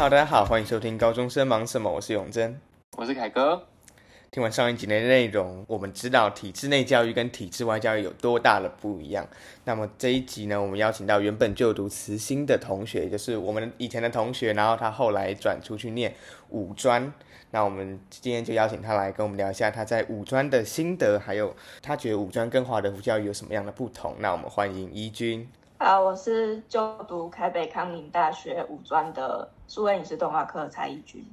好，大家好，歡迎收聽《高中生忙什麼》。我是永貞，我是凱哥。聽完上一集的內容，我們知道體制內教育跟體制外教育有多大的不一樣。那麼這一集呢，我們邀請到原本就讀慈心的同學，也就是我們以前的同學，然後他後來轉出去念五專。那我們今天就邀請他來跟我們聊一下他在五專的心得，還有他覺得五專跟華德福教育有什麼樣的不同。那我們歡迎依均。好，我是就讀台北康寧大學五專的。蘇威，你是動畫科蔡依均。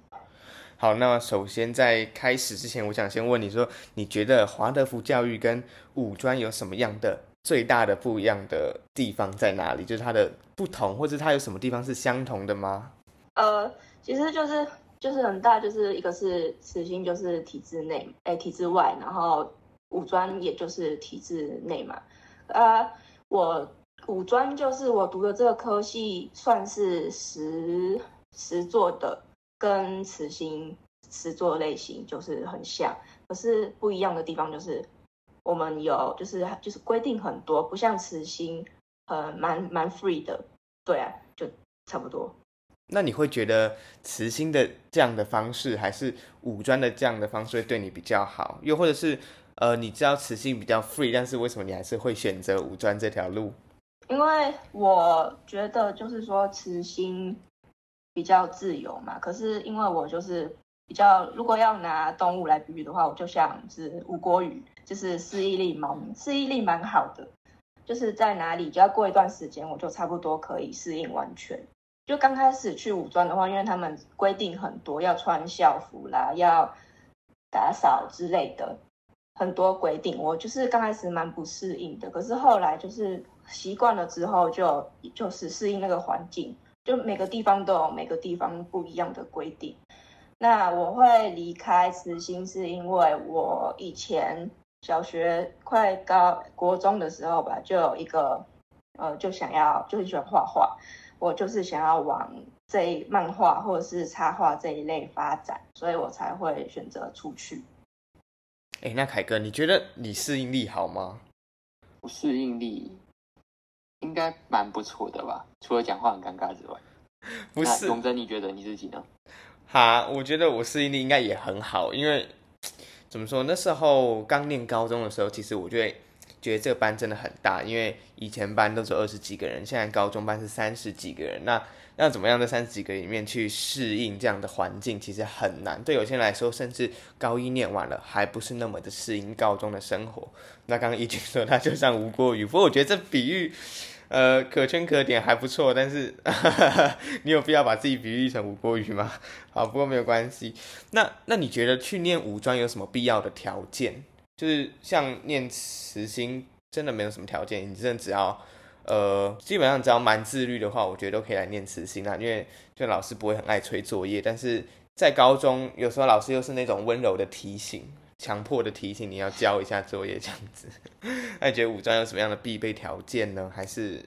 好，那首先在開始之前，我想先問你說，你覺得華德福教育跟五專有什麼樣的最大的不一樣的地方在哪裡？就是它的不同，或者它有什麼地方是相同的嗎？呃，其實就是就是很大，就是一個是實心，就是體制內，哎、欸，體制外，然後五專也就是體制內嘛。呃、啊，我五專就是我讀的這個科系算是十。瓷作的，跟慈心瓷作類型就是很像，可是不一樣的地方就是我們有就是就是規定很多，不像慈心，蠻、呃、蠻 free 的。對啊，就差不多。那你會覺得慈心的這樣的方式，還是五專的這樣的方式會對你比較好？又或者是呃，你知道慈心比較 free，但是為什麼你還是會選擇五專這條路？因為我覺得就是說慈心比較自由嘛，可是因為我就是比較，如果要拿動物來比喻的話，我就像是烏龜，就是適應力蠻適應力蠻好的，就是在哪裡只要過一段時間，我就差不多可以適應完全。就剛開始去五專的話，因為他們規定很多，要穿校服啦，要打掃之類的，很多規定，我就是剛開始蠻不適應的，可是後來就是習慣了之後就，就就是適應那個環境。就每個地方都有每個地方不一樣的規定。那我會離開慈心，是因為我以前小學快高國中的時候吧，就有一個呃，就想要就很喜歡畫畫，我就是想要往這漫畫或者是插畫這一類發展，所以我才會選擇出去。哎、欸，那凱哥，你覺得你適應力好嗎？不適應力。應該蠻不錯的吧，除了講話很尷尬之外。不是，榮澤，你覺得你自己呢？好，我覺得我適應力應該也很好，因為怎麼說，那時候剛念高中的時候，其實我覺得。覺得這個班真的很大，因為以前班都是二十幾個人，現在高中班是三十幾個人。那那怎麼樣在三十幾個人裡面去適應這樣的環境，其實很難。對有些人來說，甚至高一念完了還不是那麼的適應高中的生活。那剛剛依均說他就像吳郭魚，不過我覺得這比喻，呃，可圈可點還不錯。但是呵呵，你有必要把自己比喻成吳郭魚嗎？好，不過沒有關係。那那你覺得去念五專有什麼必要的條件？就是像念慈心，真的沒有什麼條件，你真的只要，呃，基本上只要蠻自律的話，我覺得都可以來念慈心啦。因為就老師不會很愛催作業，但是在高中有時候老師又是那種溫柔的提醒，強迫的提醒你要交一下作業這樣子。 那你覺得五專有什麼樣的必備條件呢？還是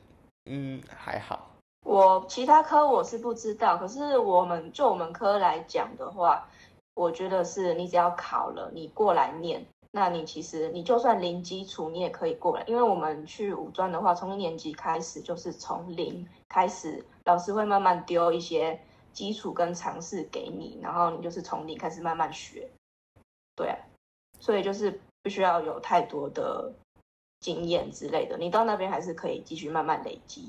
嗯還好？我其他科我是不知道，可是我們就我們科來講的話，我覺得是你只要考了，你過來念。那你其實你就算零基礎，你也可以過來，因為我們去五專的話，從一年級開始就是從零開始，老師會慢慢丟一些基礎跟嘗試給你，然後你就是從零開始慢慢學，對啊，所以就是不需要有太多的經驗之類的，你到那邊還是可以繼續慢慢累積。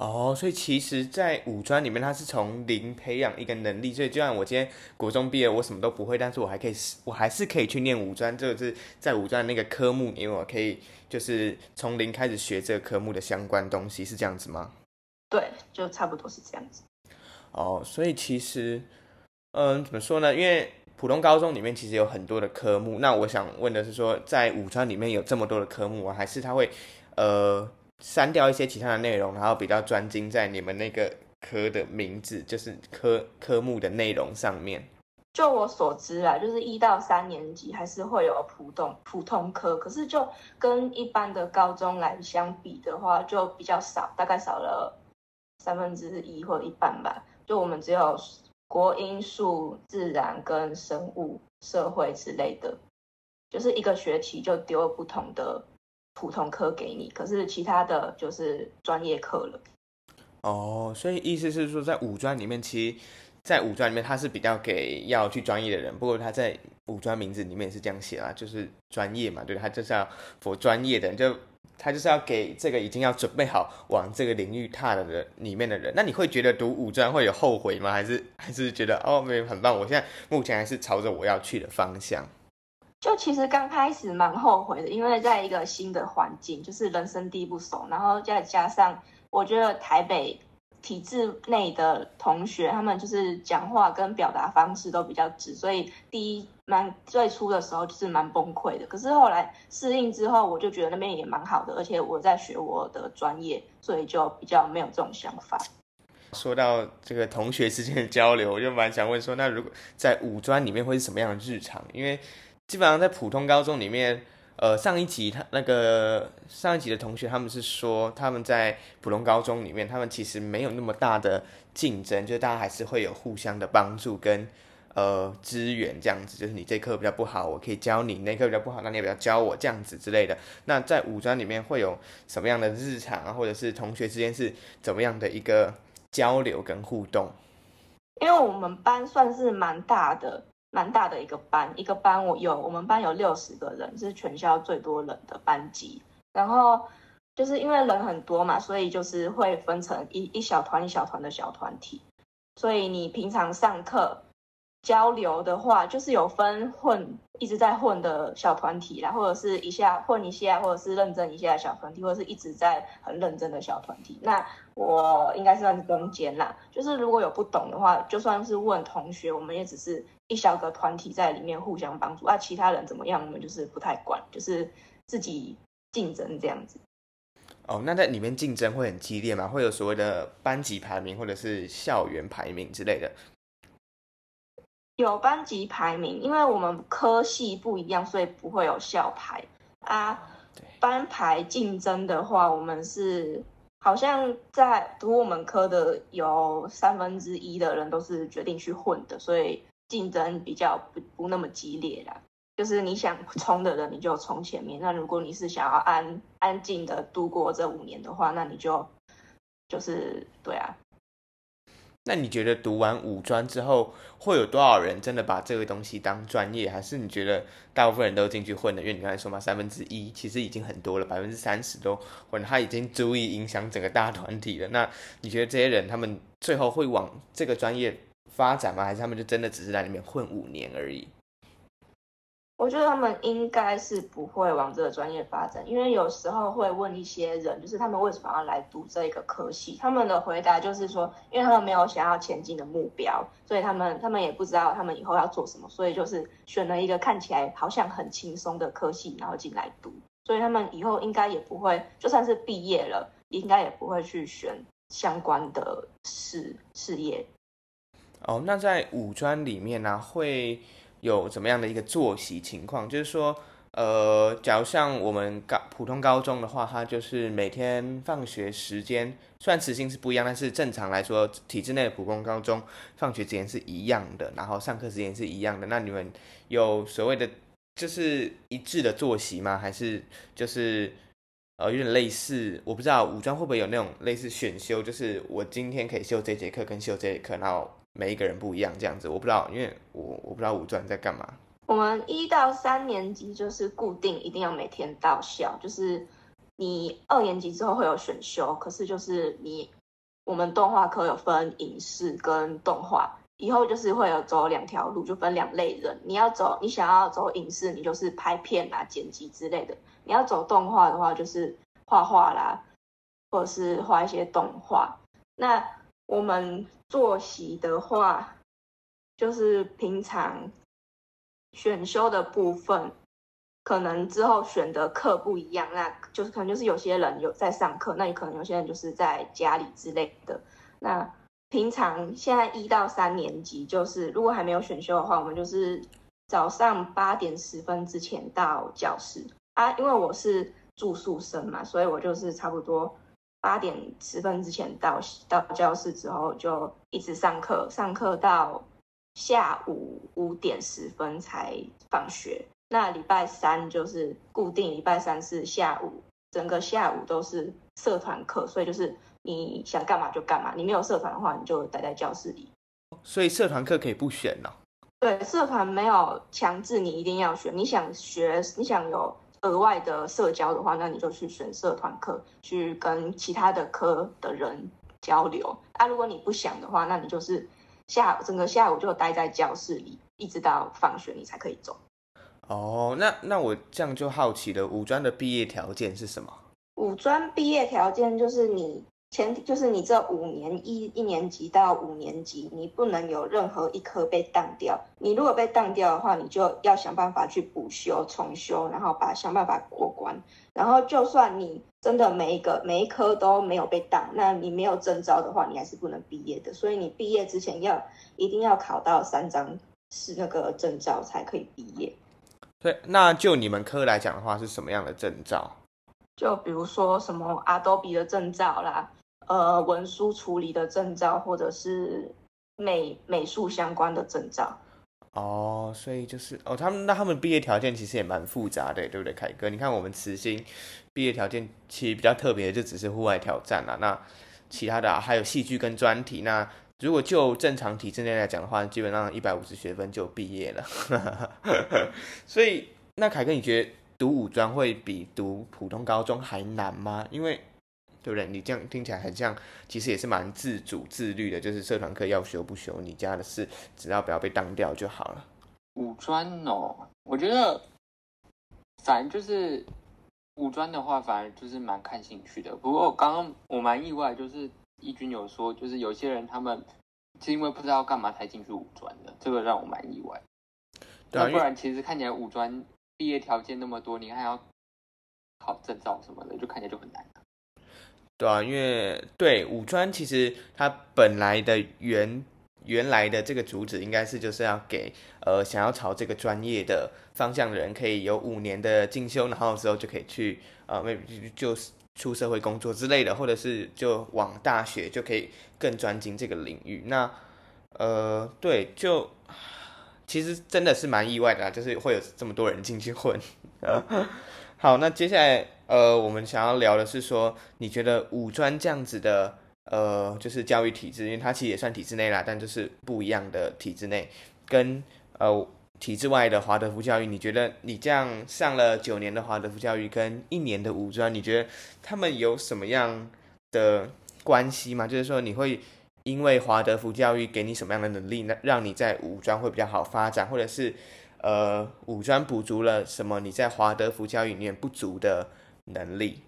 哦，所以其實，在五專裡面，它是從零培養一個能力，所以就算我今天國中畢業，我什麼都不會，但是我還可以，我還是可以去念五專，就是在五專那個科目，因為我可以就是從零開始學這個科目的相關東西，是這樣子嗎？對，就差不多是這樣子。哦，所以其實，嗯、呃，怎麼說呢？因為普通高中裡面其實有很多的科目，那我想問的是說，在五專裡面有這麼多的科目，我還是他會，呃？刪掉一些其他的內容，然後比較專精在你們那個科的名字，就是科科目的內容上面。就我所知啦，就是一到三年級還是會有普通普通科，可是就跟一般的高中來相比的話，就比較少，大概少了三分之一或者一半吧。就我們只有國英數、自然跟生物、社會之類的，就是一個學期就丟了不同的。普通科給你，可是其他的就是專業課了。哦，所以意思是說，在五專裡面，其實，在五專裡面，他是比較給要去專業的人。不過他在五專名字裡面也是這樣寫啦，啊，就是專業嘛，對他就是要佛專業的人，就他就是要給這個已經要準備好往這個領域踏的人裡面的人。那你會覺得讀五專會有後悔嗎？還是還是覺得哦，沒有，很棒，我現在目前還是朝着我要去的方向。就其實剛開始蠻後悔的，因為在一個新的環境，就是人生地不熟，然後再加上我覺得台北體制內的同學，他們就是講話跟表達方式都比較直，所以第一蠻最初的時候就是蠻崩潰的。可是後來適應之後，我就覺得那邊也蠻好的，而且我在學我的專業，所以就比較沒有這種想法。說到這個同學之間的交流，我就蠻想問說，那如果在五專裡面會是什麼樣的日常？因為基本上在普通高中裡面，呃，上一集他那個上一集的同學，他們是說他們在普通高中裡面，他們其實沒有那麼大的競爭，就是大家還是會有互相的幫助跟呃支援這樣子，就是你這科比較不好，我可以教你；那科比較不好，那你也比較教我這樣子之類的。那在五專裡面會有什麼樣的日常啊，或者是同學之間是怎麼樣的一個交流跟互動？因為我們班算是蠻大的。蠻大的一個班，一個班我有，我們班有六十個人，是全校最多人的班級。然後就是因為人很多嘛，所以就是會分成一一小團一小團的小團體。所以你平常上課交流的話，就是有分混一直在混的小團體啦，或者是一下混一下，或者是認真一下的小團體，或者是一直在很認真的小團體。那我應該算是中間啦，就是如果有不懂的話，就算是問同學，我們也只是。一小個團體在裡面互相幫助啊，其他人怎麼樣？我們就是不太管，就是自己競爭這樣子。哦，oh，那在裡面競爭會很激烈嗎？會有所謂的班級排名或者是校園排名之類的？有班級排名，因為我們科系不一樣，所以不會有校排。啊，班排競爭的話，我們是好像在讀我們科的有三分之一的人都是決定去混的，所以。競爭比較不不那麼激烈啦，就是你想衝的人你就衝前面。那如果你是想要安安靜的度過這五年的話，那你就就是對啊。那你覺得讀完五專之後會有多少人真的把這個東西當專業？還是你覺得大部分人都進去混的？因為你剛才說嘛，三分之一其實已經很多了，百分之三十都混，多他已經足以影響整個大團體了。那你覺得這些人他們最後會往這個專業？發展嗎？還是他們就真的只是在裡面混五年而已？我覺得他們應該是不會往這個專業發展，因為有時候會問一些人，就是他們為什麼要來讀這個科系？他們的回答就是說，因為他們沒有想要前進的目標，所以他們他們也不知道他們以後要做什麼，所以就是選了一個看起來好像很輕鬆的科系，然後進來讀。所以他們以後應該也不會，就算是畢業了，應該也不會去選相關的事、事業。哦，那在五專裡面呢、啊，會有怎麼樣的一個作息情況？就是說，呃，假如像我們高普通高中的話，它就是每天放學時間雖然時間是不一樣，但是正常來說，體制內的普通高中放學時間是一樣的，然後上課時間是一樣的。那你們有所謂的，就是一致的作息嗎？還是就是呃有點類似？我不知道五專會不會有那種類似選修，就是我今天可以修這節課，跟修這節課，然後。每一個人不一樣，這樣子我不知道，因為我我不知道五專在幹嘛。我們一到三年級就是固定一定要每天到校，就是你二年級之後會有選修，可是就是你我們動畫科有分影視跟動畫，以後就是會有走兩條路，就分兩類人。你要走，你想要走影視，你就是拍片啊、剪輯之類的；你要走動畫的話，就是畫畫啦，或者是畫一些動畫。那我們作息的話，就是平常選修的部分，可能之後選的課不一樣，那就是可能就是有些人有在上課，那也可能有些人就是在家裡之類的。那平常現在一到三年級，就是如果還沒有選修的話，我們就是早上八點十分之前到教室啊，因為我是住宿生嘛，所以我就是差不多。八點十分之前到到教室之後就一直上課，上課到下午五點十分才放學。那禮拜三就是固定，禮拜三是下午，整個下午都是社團課，所以就是你想幹嘛就幹嘛。你沒有社團的話，你就待在教室裡。所以社團課可以不選呢、啊？對，社團沒有強制你一定要學，你想學，你想有額外的社交的話，那你就去選社團課，去跟其他的科的人交流。那、啊、如果你不想的話，那你就是下整個下午就待在教室裡，一直到放學你才可以走。哦，那那我這樣就好奇了，五專的畢業條件是什麼？五專畢業條件就是你前提就是你這五年，一一年級到五年級，你不能有任何一科被當掉。你如果被當掉的話，你就要想辦法去補修、重修，然後把想辦法過關。然後就算你真的每一個每一科都沒有被當，那你沒有證照的話，你還是不能畢業的。所以你畢業之前要一定要考到三張是那個證照才可以畢業。對，那就你們科來講的話，是什麼樣的證照？就比如說什麼 Adobe 的證照啦。呃，文書處理的證照或者是美美術相關的證照，哦，所以就是哦，他們那他們畢業條件其實也蠻複雜的，對不對，凱哥？你看我們慈心畢業條件其實比較特別的，就只是戶外挑戰啦。那其他的、啊、還有戲劇跟專題。那如果就正常體制內來講的話，基本上一百五十學分就畢業了。 所以那凱哥，你覺得讀五專會比讀普通高中還難嗎？因為。對不對？你這樣聽起來很像，其實也是蠻自主自律的。就是社團課要修不修，你家的事，只要不要被當掉就好了。五專哦，我覺得，反正就是五專的話，反而就是蠻看興趣的。不過我剛剛我蠻意外，就是依均有說，就是有些人他們是因為不知道幹嘛才進去五專的，這個讓我蠻意外。對啊，那不然其實看起來五專畢業條件那麼多，你還要考證照什麼的，就看起來就很難。對啊，因為對五專其實它本來的原原來的這個主旨應該是，就是要給呃，想要朝這個專業的方向的人可以有五年的進修，然後之後就可以去啊，沒、呃、就出社會工作之類的，或者是就往大學就可以更專精這個領域。那呃，對，就其實真的是蠻意外的，啊，就是會有這麼多人進去混。 好，那接下來，呃，我們想要聊的是說，你覺得五專這樣子的，呃，就是教育體制，因為它其實也算體制內啦，但就是不一樣的體制內，跟呃體制外的華德福教育，你覺得你這樣上了九年的華德福教育跟一年的五專，你覺得他們有什麼樣的關係嗎？就是說，你會因為華德福教育給你什麼樣的能力，那讓你在五專會比較好發展，或者是呃五專補足了什麼你在華德福教育裡面不足的？能力，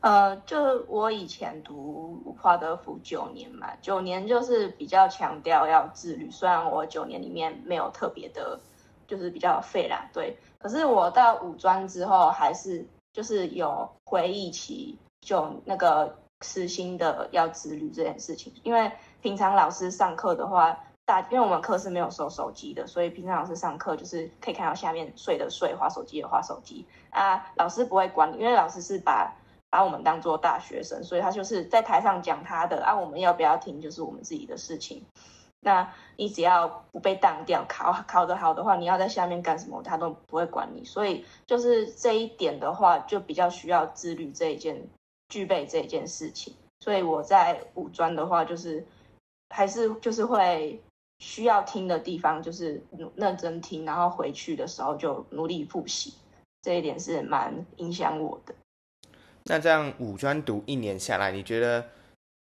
呃，就我以前讀華德福九年嘛，九年就是比較強調要自律。雖然我九年裡面沒有特別的，就是比較廢啦，對，可是我到五專之後，還是就是有回憶起就那個私心的要自律這件事情，因為平常老師上課的話，大，因為我們課是沒有收手機的，所以平常老師上課就是可以看到下面睡的睡，滑手機的滑手機啊。老師不會管你，因為老師是把把我們當做大學生，所以他就是在台上講他的啊，我們要不要聽就是我們自己的事情。那你只要不被當掉，考考得好的話，你要在下面幹什麼，他都不會管你。所以就是這一點的話，就比較需要自律這一件具備這一件事情。所以我在五專的話，就是還是就是會。需要聽的地方就是認真聽，然後回去的時候就努力複習，這一點是蠻影響我的。那這樣五專讀一年下來，你覺得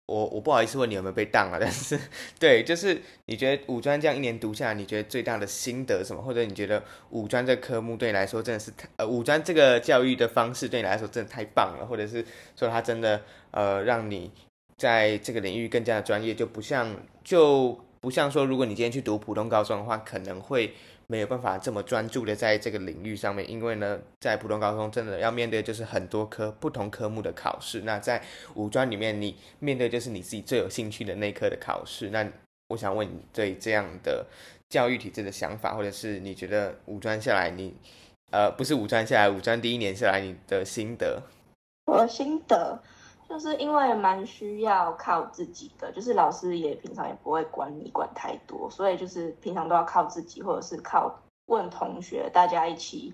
我我不好意思問你有沒有被當了啊，但是對，就是你覺得五專這樣一年讀下來，你覺得最大的心得什麼？或者你覺得五專這科目對你來說真的是太……呃，五專這個教育的方式對你來來說真的太棒了，或者是說它真的呃讓你在這個領域更加的專業，就不像就。不像說，如果你今天去讀普通高中的話，可能會沒有辦法這麼專注的在這個領域上面，因為呢，在普通高中真的要面對就是很多科不同科目的考試。那在五專裡面，你面對就是你自己最有興趣的那科的考試。那我想問你對這樣的教育體制的想法，或者是你覺得五專下來你，呃，不是五專下來，五專第一年下來你的心得？我的心得。就是因為蠻需要靠自己的，就是老師也平常也不會管你管太多，所以就是平常都要靠自己，或者是靠問同學，大家一起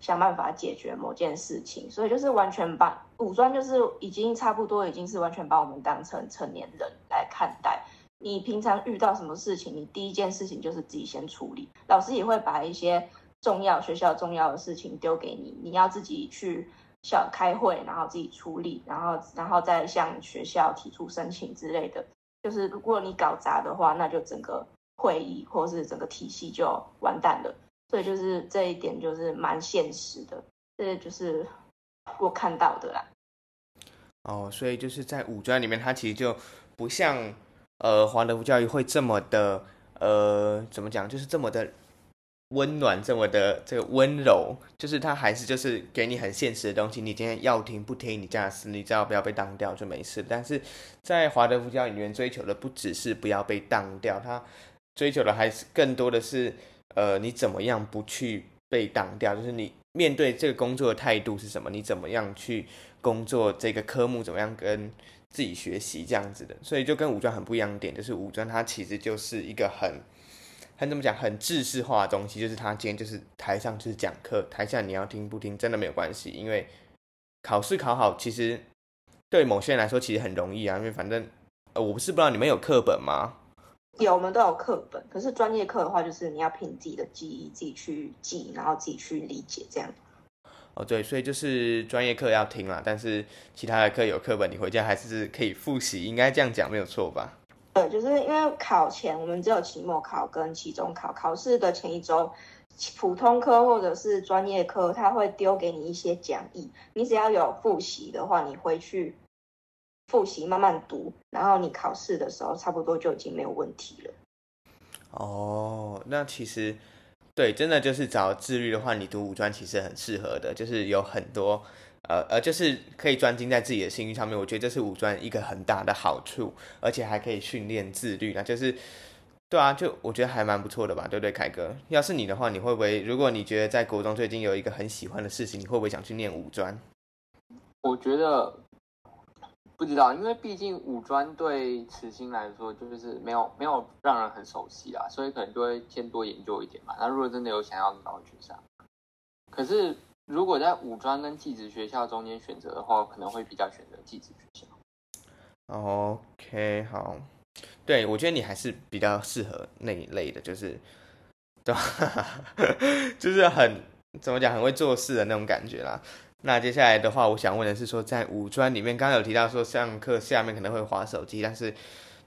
想辦法解決某件事情。所以就是完全把，五專就是已經差不多已經是完全把我們當成成年人來看待。你平常遇到什麼事情，你第一件事情就是自己先處理。老師也會把一些重要，學校重要的事情丟給你，你要自己去。小開會，然後自己處理，然後然後再向學校提出申請之類的。就是如果你搞砸的話，那就整個會議或是整個體系就完蛋了。所以就是這一點就是蠻現實的，這就是我看到的啦。哦，所以就是在五專裡面，它其實就不像呃華德福教育會這麼的呃怎麼講，就是這麼的。溫暖這麼的這個溫柔，就是他還是就是給你很現實的東西。你今天要聽不聽你，你這樣，你只要不要被當掉就沒事。但是在華德福教裡面追求的不只是不要被當掉，他追求的還是更多的是，呃，你怎麼樣不去被當掉，就是你面對這個工作的態度是什麼，你怎麼樣去工作這個科目，怎麼樣跟自己學習這樣子的。所以就跟五專很不一樣的點，就是五專它其實就是一個很。很怎麼講，很知識化的東西，就是他今天就是台上就是講課，台下你要聽不聽，真的沒有關係，因為考試考好，其實對某些人來說其實很容易啊，因為反正、哦、我不是不知道你們有課本嗎？有，我們都有課本，可是專業課的話，就是你要憑自己的記憶自己去記，然後自己去理解這樣。哦，對，所以就是專業課要聽啦，但是其他的課有課本，你回家還是可以複習，應該這樣講沒有錯吧？就是因為考前，我們只有期末考跟期中考，考試的前一周，普通科或者是專業科，他會丟給你一些講義，你只要有複習的話，你回去複習慢慢讀，然後你考試的時候差不多就已經沒有問題了。哦，那其實，對，真的就是找自律的話，你讀五專其實很適合的，就是有很多。呃呃，就是可以專精在自己的興趣上面，我覺得這是五專一個很大的好處，而且還可以訓練自律呢。那就是，對啊，就我覺得還蠻不錯的吧，對不對，凱哥？要是你的話，你會不會？如果你覺得在國中最近有一個很喜歡的事情，你會不會想去念五專？我覺得不知道，因為畢竟五專對慈心來說，就是沒有沒有讓人很熟悉啊，所以可能就會先多研究一點吧。那如果真的有想要，才我去上。可是。如果在五專跟技職學校中間選擇的話，可能會比較選擇技職學校。OK，好，對，我覺得你還是比較適合那一類的，就是對吧， 就是很怎麼講，很會做事的那種感覺啦。那接下來的話，我想問的是說，在五專裡面，剛剛有提到說上課下面可能會滑手機，但是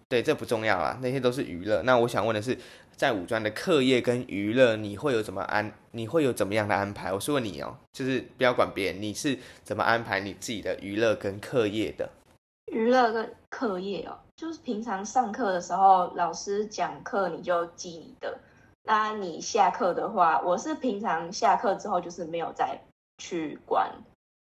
對，這不重要啦，那些都是娛樂。那我想問的是。在五專的課業跟娛樂，你會有怎麼安？你會有怎麼樣的安排？我是問你哦，就是不要管別人，你是怎麼安排你自己的娛樂跟課業的？娛樂跟課業哦，就是平常上課的時候，老師講課你就記你的。那你下課的話，我是平常下課之後就是沒有再去管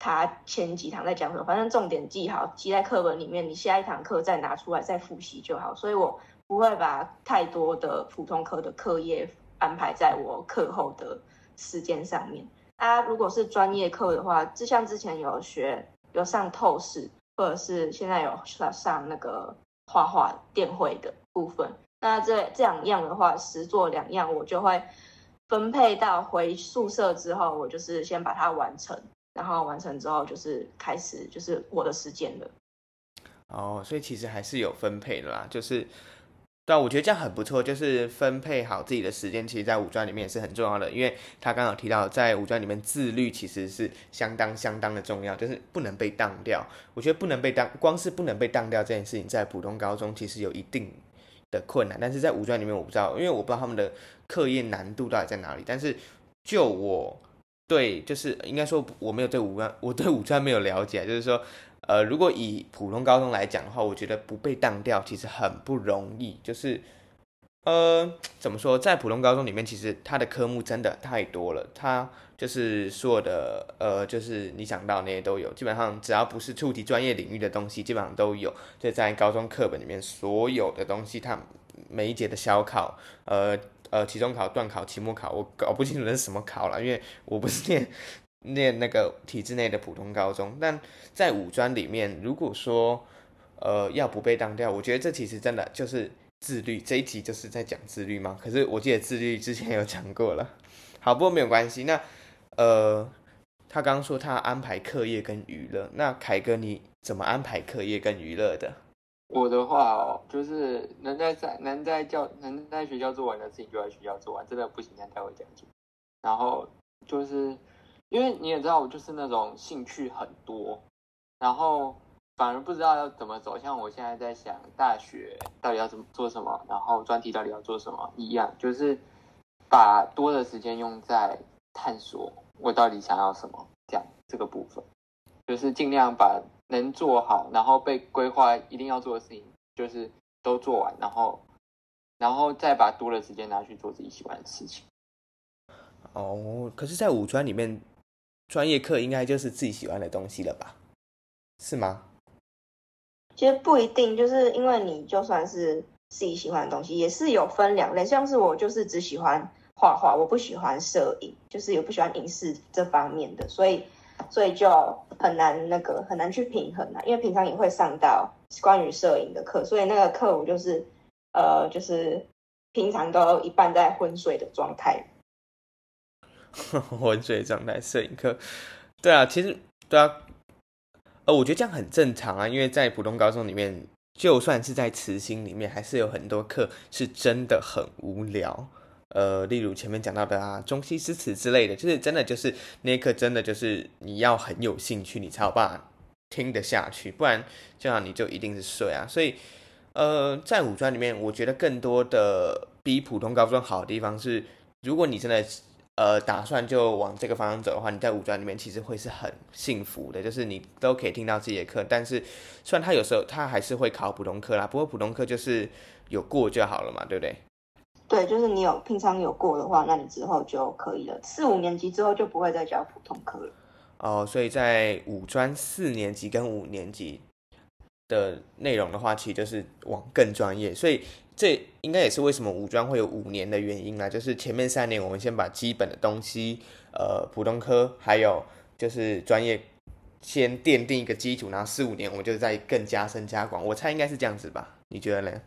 他前幾堂在講什麼，反正重點記好，記在課本裡面。你下一堂課再拿出來再複習就好。所以我。不會把太多的普通科的課業安排在我課後的時間上面。啊，如果是專業課的話，就像之前有學有上透視，或者是現在有上那個畫畫電繪的部分。那這這兩樣的話，實作兩樣，我就會分配到回宿舍之後，我就是先把它完成，然後完成之後就是開始就是我的時間了。哦，所以其實還是有分配的啦，就是。對啊，我覺得這樣很不錯，就是分配好自己的時間，其實，在五專裡面也是很重要的，因為他剛剛有提到，在五專裡面自律其實是相當相當的重要，就是不能被當掉。我覺得不能被當，光是不能被當掉這件事情，在普通高中其實有一定的困難，但是在五專裡面，我不知道，因為我不知道他們的課業難度到底在哪裡。但是就我對，就是應該說，我沒有對五專，我對五專沒有了解，就是說。呃，如果以普通高中來講的話，我覺得不被當掉其實很不容易。就是，呃，怎麼說，在普通高中裡面，其實它的科目真的太多了。它就是所有的，呃，就是你想到那些都有，基本上只要不是觸及專業領域的東西，基本上都有。所以在高中課本裡面，所有的東西，它每一節的小考，呃呃，期中考、段考、期末考，我搞不清楚是什麼考了，因為我不是念。 念那個體制內的普通高中，但在五專裡面，如果說，呃，要不被當掉，我覺得這其實真的就是自律。這一集就是在講自律嗎？可是我記得自律之前有講過了。好，不過沒有關係。那，呃，他剛剛說他安排課業跟娛樂，那凱哥你怎麼安排課業跟娛樂的？我的話哦，就是能在在能在教能在學校做完的事情就在學校做完，真的不行再帶回家做。然後就是。因為你也知道，我就是那種興趣很多，然後反而不知道要怎麼走。像我現在在想，大學到底要怎麼做什麼，然後專題到底要做什麼一樣，就是把多的時間用在探索我到底想要什麼。這樣這個部分，就是儘量把能做好，然後被規劃一定要做的事情，就是都做完，然後，然後再把多的時間拿去做自己喜歡的事情。哦，可是，在五專裡面。專業課應該就是自己喜歡的東西了吧？是嗎？其實不一定，就是因為你就算是自己喜歡的東西，也是有分兩類。像是我就是只喜歡畫畫，我不喜歡攝影，就是也不喜歡影視這方面的，所以所以就很難那個很難去平衡啊。因為平常也會上到關於攝影的課，所以那個課我就是呃就是平常都一半在昏睡的狀態。昏睡狀態，攝影課，對啊，其實對啊，呃，我覺得這樣很正常啊，因為在普通高中裡面，就算是在慈心裡面，還是有很多課是真的很無聊。呃，例如前面講到的啊，中西詩詞之類的，就是真的就是那一課真的就是你要很有興趣，你才有辦法聽得下去，不然這樣你就一定是睡啊。所以，呃，在五專裡面，我覺得更多的比普通高中好的地方是，如果你真的。呃，打算就往這個方向走的話，你在五專裡面其實會是很幸福的，就是你都可以聽到這些課。但是，雖然他有時候他還是會考普通科啦，不過普通科就是有過就好了嘛，對不對？對，就是你有平常有過的話，那你之後就可以了。四五年級之後就不會再教普通科了。哦，所以在五專四年級跟五年級的內容的話，其實就是往更專業，所以。這應該也是為什麼五專會有五年的原因啦，就是前面三年我們先把基本的東西，呃，普通科還有就是專業，先奠定一個基礎，然後四五年我們就再更加深加廣。我猜應該是這樣子吧？你覺得呢？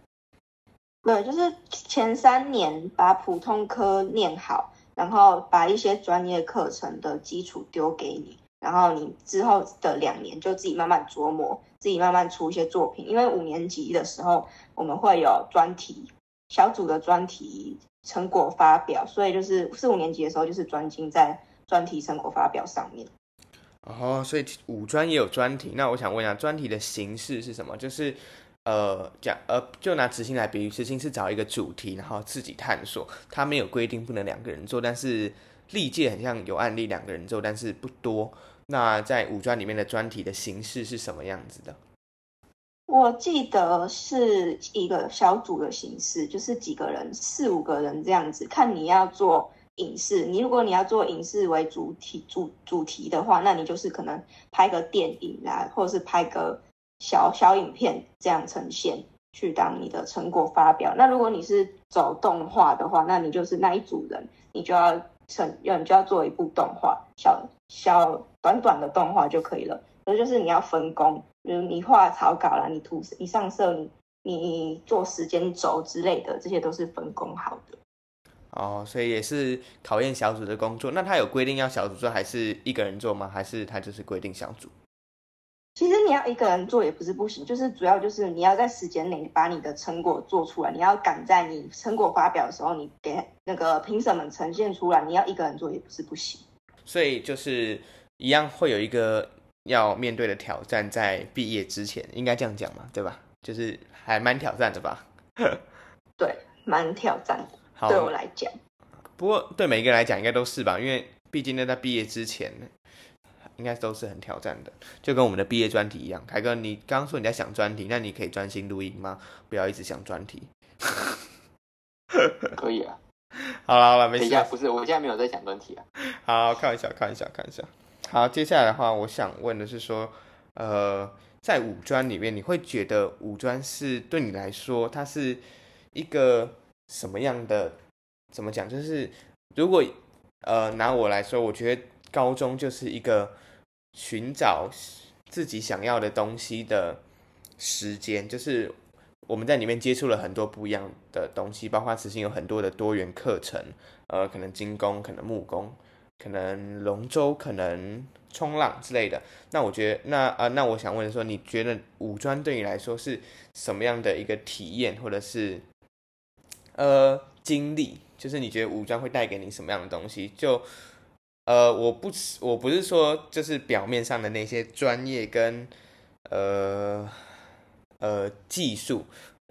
對，就是前三年把普通科念好，然後把一些專業課程的基礎丟給你。然後你之後的兩年就自己慢慢琢磨，自己慢慢出一些作品。因為五年級的時候我們會有專題小組的專題成果發表，所以就是四五年級的時候就是專精在專題成果發表上面。哦，所以五專也有專題。那我想問一下，專題的形式是什麼？就是呃講呃，就拿慈心來比喻，慈心是找一個主題，然後自己探索。它沒有規定不能兩個人做，但是。歷屆很像有案例兩個人做，但是不多。那在五專裡面的專題的形式是什麼樣子的？我記得是一個小組的形式，就是幾個人，四五個人這樣子。看你要做影視，你如果你要做影視為主題主主題的話，那你就是可能拍個電影啊，或者是拍個小小影片這樣呈現，去當你的成果發表。那如果你是走動畫的話，那你就是那一組人，你就要。成，要你就要做一部動畫，小小短短的動畫就可以了。而就是你要分工，比如你畫草稿啦，你塗，你上色，你你做時間軸之類的，這些都是分工好的。哦，所以也是考驗小組的工作。那他有規定要小組做，還是一個人做嗎？還是他就是規定小組？其實你要一個人做也不是不行，就是主要就是你要在時間內把你的成果做出來，你要趕在你成果發表的時候，你給那個評審們呈現出來。你要一個人做也不是不行，所以就是一樣會有一個要面對的挑戰，在畢業之前，應該這樣講嘛，對吧？就是還蠻挑戰的吧？ 對，蠻挑戰的。對我來講，不過對每一個人來講應該都是吧，因為畢竟在在畢業之前應該都是很挑戰的，就跟我們的畢業專題一樣。凱哥，你剛剛說你在想專題，那你可以專心錄音嗎？不要一直想專題，對。可以啊。 好了好了，沒事。等一下，不是，我現在沒有在想專題啊。好，看一下，看一下，看一下。好，接下來的話，我想問的是說，呃，在五專裡面，你會覺得五專是對你來說，它是一個什麼樣的？怎麼講？就是如果呃，拿我來說，我覺得。高中就是一個尋找自己想要的東西的時間，就是我們在裡面接觸了很多不一樣的東西，包括慈心有很多的多元課程，呃，可能金工，可能木工，可能龍舟，可能衝浪之類的。那我覺得，那啊、呃，那我想問說，你覺得五專對你來說是什麼樣的一個體驗，或者是呃經歷？就是你覺得五專會帶給你什麼樣的東西？就呃，我不是我不是說就是表面上的那些專業跟，呃，呃技術，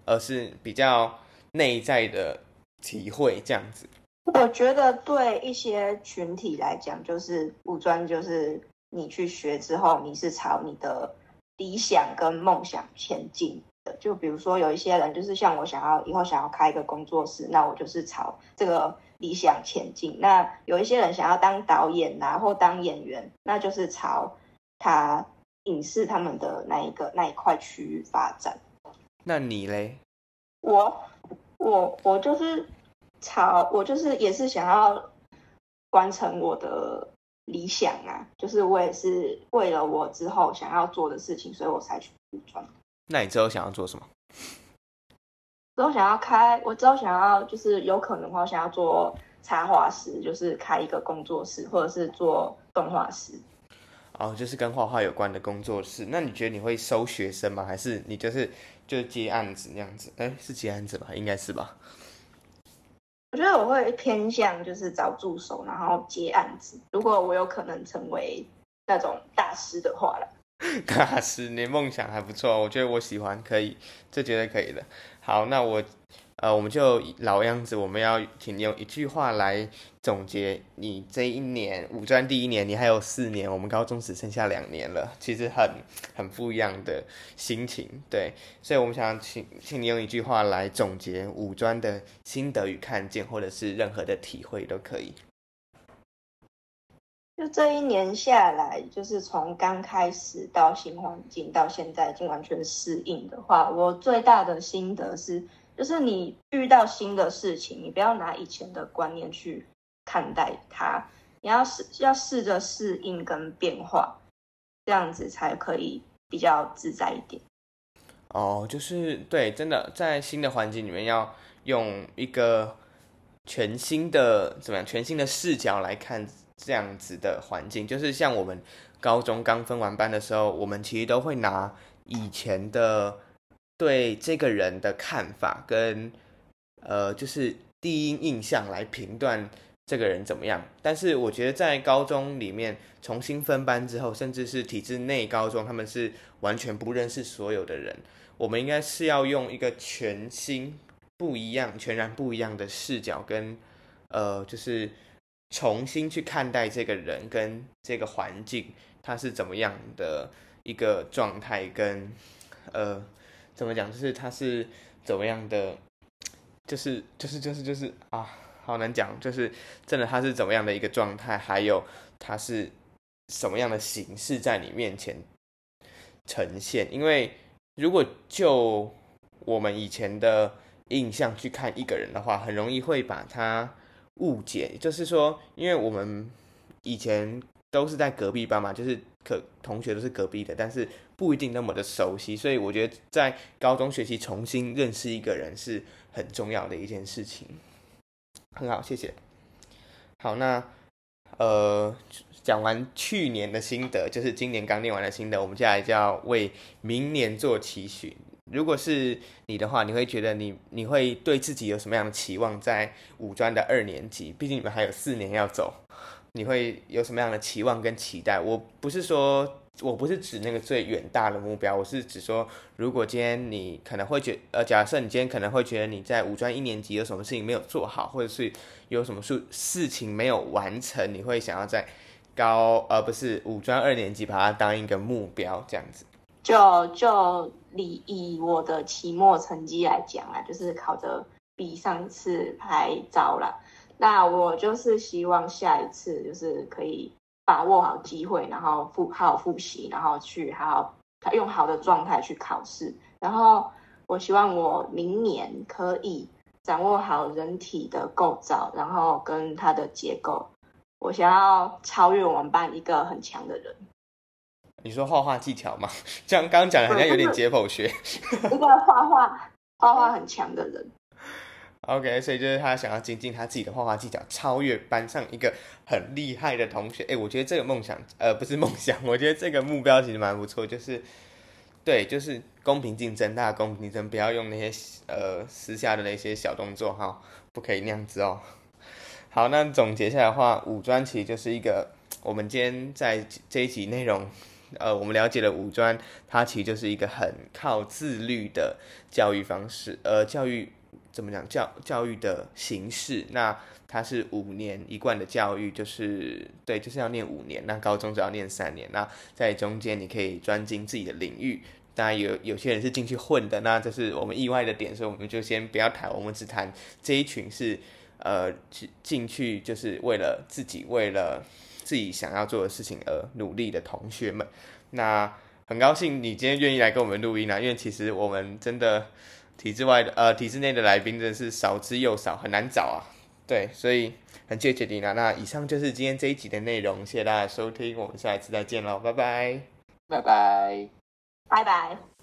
而是比較內在的體會這樣子。我覺得對一些群體來講，就是五專，就是你去學之後，你是朝你的理想跟夢想前進的。就比如說，有一些人就是像我，想要以後想要開一個工作室，那我就是朝這個。理想前進。那有一些人想要當導演啊，或當演員，那就是朝他影視他們的那一個那一塊區域發展。那你嘞？我我我就是朝我就是也是想要完成我的理想啊，就是我也是為了我之後想要做的事情，所以我才去武。那你之後想要做什麼？只要想要開，我只要想要就是有可能的話，想要做插畫師，就是開一個工作室，或者是做動畫師。哦，就是跟畫畫有關的工作室。那你覺得你會收學生嗎？還是你就是就是接案子那樣子？哎、欸，是接案子吧？應該是吧。我覺得我會偏向就是找助手，然後接案子。如果我有可能成為那種大師的話了。 十年夢想還不錯，我覺得我喜歡，可以，這絕對可以的。好，那我，呃，我們就老樣子，我們要請你用一句話來總結你這一年，五專第一年，你還有四年，我們高中只剩下兩年了，其實很很不一樣的心情，對。所以我們想請請你用一句話來總結五專的心得與看見，或者是任何的體會都可以。就這一年下來，就是從剛開始到新環境，到現在已經完全適應的話，我最大的心得是，就是你遇到新的事情，你不要拿以前的觀念去看待它，你要試要試着適應跟變化，這樣子才可以比較自在一點。哦，就是對，真的，在新的環境裡面，要用一個全新的，怎麼樣，全新的視角來看。這樣子的環境，就是像我們高中剛分完班的時候，我們其實都會拿以前的對這個人的看法跟呃，就是第一印象來評斷這個人怎麼樣。但是我覺得在高中裡面重新分班之後，甚至是體制內高中，他們是完全不認識所有的人。我們應該是要用一個全新、不一樣、全然不一樣的視角跟呃，就是。重新去看待這個人跟這個環境，他是怎麼樣的一個狀態？跟呃，怎麼講？就是他是怎麼樣的？就是就是就是就是啊，好難講。就是真的他是怎麼樣的一個狀態？還有他是什麼樣的形式在你面前呈現？因為如果就我們以前的印象去看一個人的話，很容易會把他。誤解就是說，因為我們以前都是在隔壁班嘛，就是可同學都是隔壁的，但是不一定那麼的熟悉，所以我覺得在高中學習重新認識一個人是很重要的一件事情。很好，謝謝。好，那呃，講完去年的心得，就是今年剛念完的心得，我們接下來就要為明年做期許。如果是你的話，你會覺得你你會對自己有什麼樣的期望？在五專的二年級，畢竟你們還有四年要走，你會有什麼樣的期望跟期待？我不是說我不是指那個最遠大的目標，我是指說，如果今天你可能會覺呃，假設你今天可能會覺得你在五專一年級有什麼事情沒有做好，或者是有什麼事事情沒有完成，你會想要在高而、呃、不是五專二年級把它當一個目標這樣子？就就。以我的期末成績來講啊，就是考得比上次還糟了。那我就是希望下一次就是可以把握好機會，然後複好好複習，然後去好好用好的狀態去考試。然後我希望我明年可以掌握好人體的構造，然後跟它的結構。我想要超越我們班一個很強的人。你說畫畫技巧嗎？這樣剛剛講的好像有點解剖學。嗯就是、一個畫畫畫畫很強的人。 OK，所以就是他想要精進他自己的畫畫技巧，超越班上一個很厲害的同學。哎、欸，我覺得這個夢想呃不是夢想，我覺得這個目標其實蠻不錯。就是對，就是公平競爭，大家公平競爭，不要用那些呃私下的那些小動作哈，不可以那樣子哦。好，那總結下來的話，五專題就是一個我們今天在這一集內容。呃，我們了解了五專，它其實就是一個很靠自律的教育方式。呃，教育怎麼講？教教育的形式，那它是五年一貫的教育，就是對，就是要念五年。那高中只要念三年。那在中間你可以專精自己的領域。當然有有些人是進去混的，那就是我們意外的點，所以我們就先不要談，我們只談這一群是呃進去進去，就是為了自己，為了。自己想要做的事情而努力的同學們，那很高興你今天願意來跟我們錄音啊！因為其實我們真的體制外的，呃，體制內的來賓真的是少之又少，很難找啊。對，所以很謝謝你啦。那以上就是今天這一集的內容，謝謝大家收聽，我們下一次再見嘍，拜拜，拜拜，拜拜。拜拜。